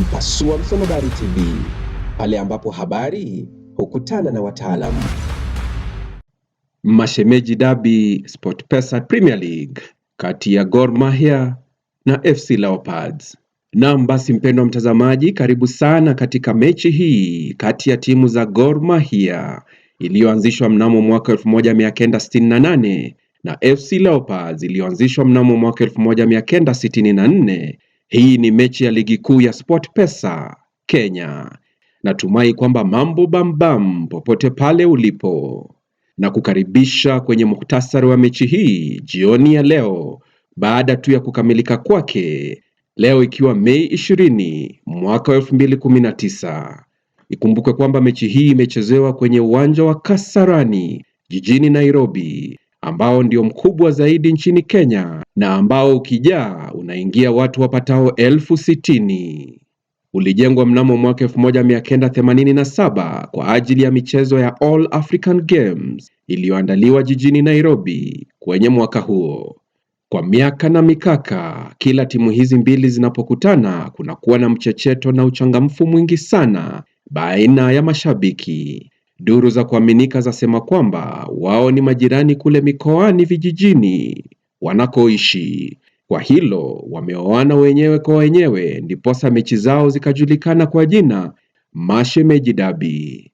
Mpasua Msonobari TV, pale ambapo habari hukutana na wataalamu. Mashemeji Dabi, Pesa Premier League kati ya Gor Mahia na FC Leopards. Naam, basi mpendwa mtazamaji, karibu sana katika mechi hii kati ya timu za Gor Mahia iliyoanzishwa mnamo mwaka 1968 na FC Leopards iliyoanzishwa mnamo mwaka 1964 hii ni mechi ya ligi kuu ya pesa Kenya. Natumai kwamba mambo bambam popote pale ulipo, na kukaribisha kwenye muhtasari wa mechi hii jioni ya leo baada tu ya kukamilika kwake leo ikiwa Mei 20 mwaka 2019. Ikumbukwe kwamba mechi hii imechezewa kwenye uwanja wa Kasarani jijini Nairobi ambao ndio mkubwa zaidi nchini Kenya na ambao ukijaa unaingia watu wapatao elfu sitini. Ulijengwa mnamo mwaka 1987 kwa ajili ya michezo ya All African Games iliyoandaliwa jijini Nairobi kwenye mwaka huo. Kwa miaka na mikaka, kila timu hizi mbili zinapokutana kunakuwa na mchecheto na uchangamfu mwingi sana baina ya mashabiki. Duru za kuaminika zasema kwamba wao ni majirani kule mikoani vijijini wanakoishi. Kwa hilo wameoana wenyewe kwa wenyewe, ndiposa mechi zao zikajulikana kwa jina mashemeji dabi.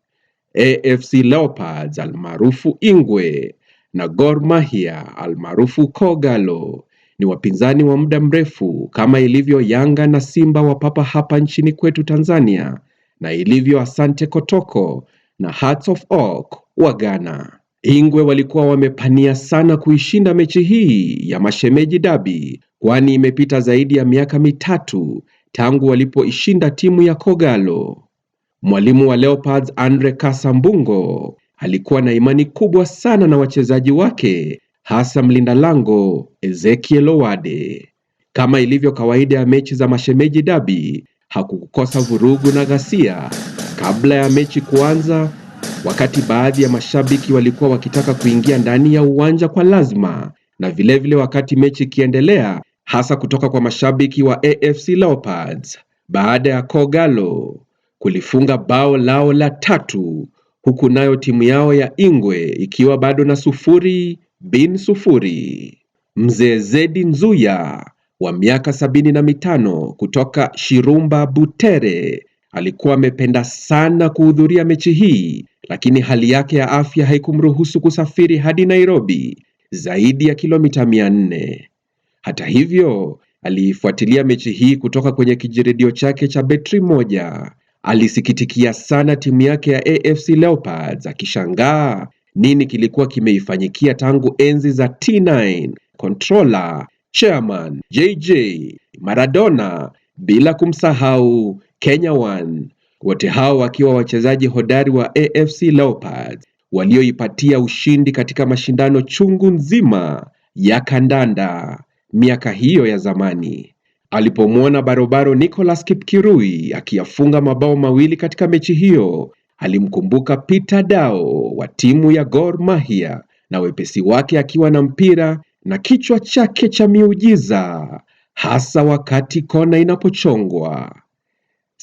AFC Leopards almaarufu Ingwe na Gor Mahia almaarufu Kogalo ni wapinzani wa muda mrefu kama ilivyo Yanga na Simba wa papa hapa nchini kwetu Tanzania na ilivyo Asante Kotoko na Hearts of Oak wa Ghana. Ingwe walikuwa wamepania sana kuishinda mechi hii ya mashemeji dabi, kwani imepita zaidi ya miaka mitatu tangu walipoishinda timu ya Kogalo. Mwalimu wa Leopards Andre Kasambungo alikuwa na imani kubwa sana na wachezaji wake, hasa mlinda lango Ezekiel Owade. Kama ilivyo kawaida ya mechi za mashemeji dabi, hakukukosa vurugu na ghasia Kabla ya mechi kuanza, wakati baadhi ya mashabiki walikuwa wakitaka kuingia ndani ya uwanja kwa lazima, na vilevile vile wakati mechi ikiendelea, hasa kutoka kwa mashabiki wa AFC Leopards baada ya Kogalo kulifunga bao lao la tatu, huku nayo timu yao ya Ingwe ikiwa bado na sufuri bin sufuri. Mzee Zedi Nzuya wa miaka sabini na mitano kutoka Shirumba Butere Alikuwa amependa sana kuhudhuria mechi hii, lakini hali yake ya afya haikumruhusu kusafiri hadi Nairobi, zaidi ya kilomita mia nne. Hata hivyo, aliifuatilia mechi hii kutoka kwenye kijiredio chake cha betri moja. Alisikitikia sana timu yake ya AFC Leopards, akishangaa nini kilikuwa kimeifanyikia tangu enzi za T9, controller, chairman, JJ, Maradona bila kumsahau Kenya One, wote hao wakiwa wachezaji hodari wa AFC Leopards walioipatia ushindi katika mashindano chungu nzima ya kandanda miaka hiyo ya zamani. Alipomwona barobaro Nicolas Kipkirui akiyafunga mabao mawili katika mechi hiyo, alimkumbuka Peter Dao wa timu ya Gor Mahia na wepesi wake akiwa na mpira na kichwa chake cha miujiza hasa wakati kona inapochongwa.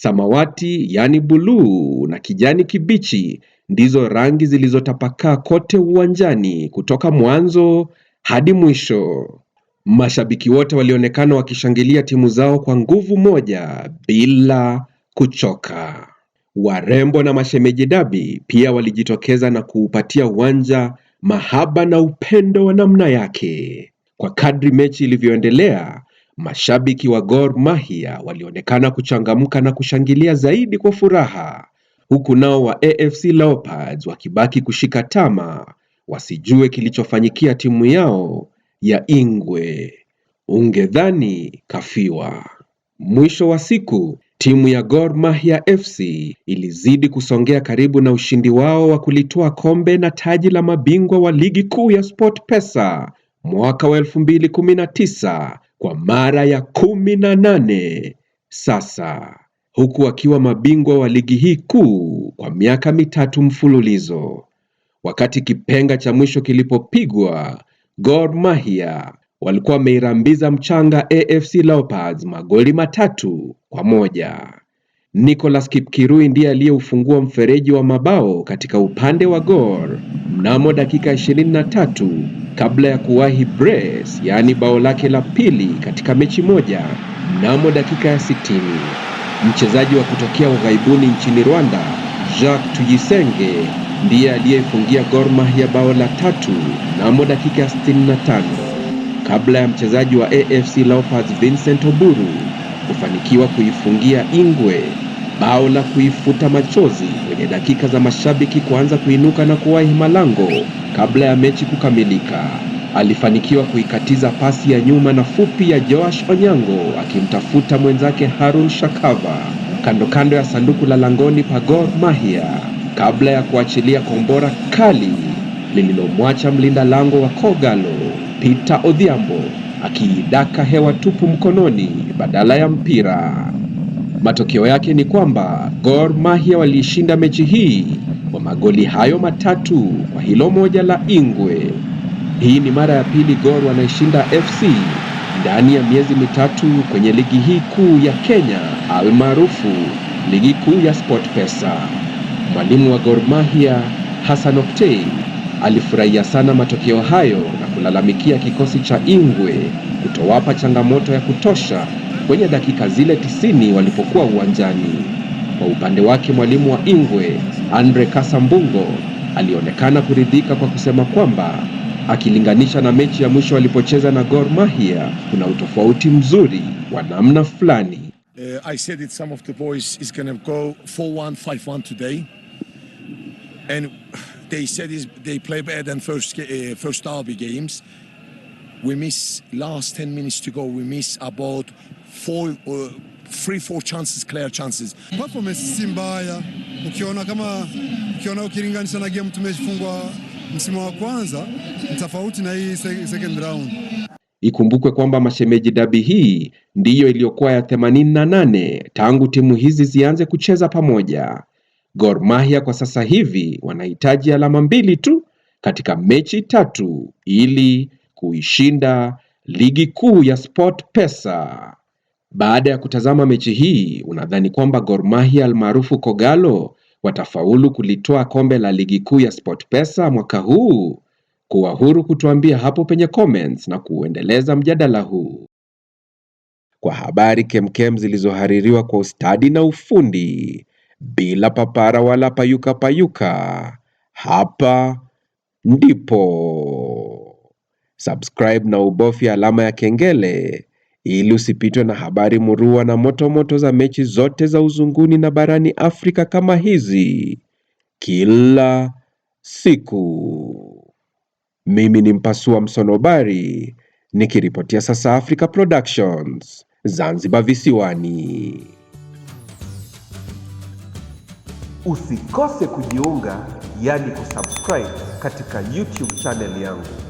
Samawati yaani buluu na kijani kibichi ndizo rangi zilizotapakaa kote uwanjani kutoka mwanzo hadi mwisho. Mashabiki wote walionekana wakishangilia timu zao kwa nguvu moja bila kuchoka. Warembo na mashemeji dabi pia walijitokeza na kuupatia uwanja mahaba na upendo wa namna yake. Kwa kadri mechi ilivyoendelea, Mashabiki wa Gor Mahia walionekana kuchangamka na kushangilia zaidi kwa furaha, huku nao wa AFC Leopards wakibaki kushika tama wasijue kilichofanyikia timu yao ya Ingwe. Ungedhani kafiwa. Mwisho wa siku, timu ya Gor Mahia FC ilizidi kusongea karibu na ushindi wao wa kulitoa kombe na taji la mabingwa wa ligi kuu ya Sport Pesa mwaka wa 2019 kwa mara ya kumi na nane sasa, huku wakiwa mabingwa wa ligi hii kuu kwa miaka mitatu mfululizo. Wakati kipenga cha mwisho kilipopigwa, Gor Mahia walikuwa wameirambiza mchanga AFC Leopards magoli matatu kwa moja. Nicolas Kipkirui ndiye aliyeufungua mfereji wa mabao katika upande wa Gor mnamo dakika 23 kabla ya kuwahi brace, yaani bao lake la pili katika mechi moja mnamo dakika ya 60. Mchezaji wa kutokea ughaibuni nchini Rwanda Jacques Tuyisenge ndiye aliyeifungia Gor Mahia bao la tatu mnamo dakika ya 65 kabla ya mchezaji wa AFC Leopards Vincent Oburu kufanikiwa kuifungia Ingwe bao la kuifuta machozi kwenye dakika za mashabiki kuanza kuinuka na kuwahi malango Kabla ya mechi kukamilika, alifanikiwa kuikatiza pasi ya nyuma na fupi ya Joash Onyango akimtafuta mwenzake Harun Shakava kando kando ya sanduku la langoni pa Gor Mahia kabla ya kuachilia kombora kali lililomwacha mlinda lango wa Kogalo Peter Odhiambo akiidaka hewa tupu mkononi badala ya mpira. Matokeo yake ni kwamba Gor Mahia waliishinda mechi hii kwa magoli hayo matatu kwa hilo moja la Ingwe. Hii ni mara ya pili Gor wanaishinda FC ndani ya miezi mitatu kwenye ligi hii kuu ya Kenya almaarufu ligi kuu ya sport pesa Mwalimu wa Gor Mahia Hassan Oktay alifurahia sana matokeo hayo na kulalamikia kikosi cha Ingwe kutowapa changamoto ya kutosha kwenye dakika zile tisini walipokuwa uwanjani. Kwa upande wake mwalimu wa Ingwe Andre Kasambungo alionekana kuridhika kwa kusema kwamba akilinganisha na mechi ya mwisho walipocheza na Gor Mahia kuna utofauti mzuri wa namna fulani. Uh, I said it some of the boys is going to go 4-1 5-1 today and they said is they play better than first uh, first derby games we miss last 10 minutes to go we miss about four uh, three four chances, clear chances. Performance si mbaya, ukiona kama ukiona ukilinganisha na game tumefungwa msimu wa kwanza tofauti na hii second round. Ikumbukwe kwamba mashemeji dabi hii ndiyo iliyokuwa ya 88 tangu timu hizi zianze kucheza pamoja. Gor Mahia kwa sasa hivi wanahitaji alama mbili tu katika mechi tatu ili kuishinda ligi kuu ya Sport Pesa. Baada ya kutazama mechi hii, unadhani kwamba Gor Mahia almaarufu Kogalo watafaulu kulitoa kombe la ligi kuu ya SportPesa mwaka huu? Kuwa huru kutuambia hapo penye comments na kuendeleza mjadala huu. Kwa habari kemkem zilizohaririwa kwa ustadi na ufundi bila papara wala payuka payuka, hapa ndipo. Subscribe na ubofya alama ya kengele ili usipitwe na habari murua na moto moto za mechi zote za uzunguni na barani Afrika kama hizi kila siku. Mimi ni Mpasua Msonobari nikiripotia Sasa Africa Productions, Zanzibar visiwani. Usikose kujiunga, yani kusubscribe katika YouTube channel yangu.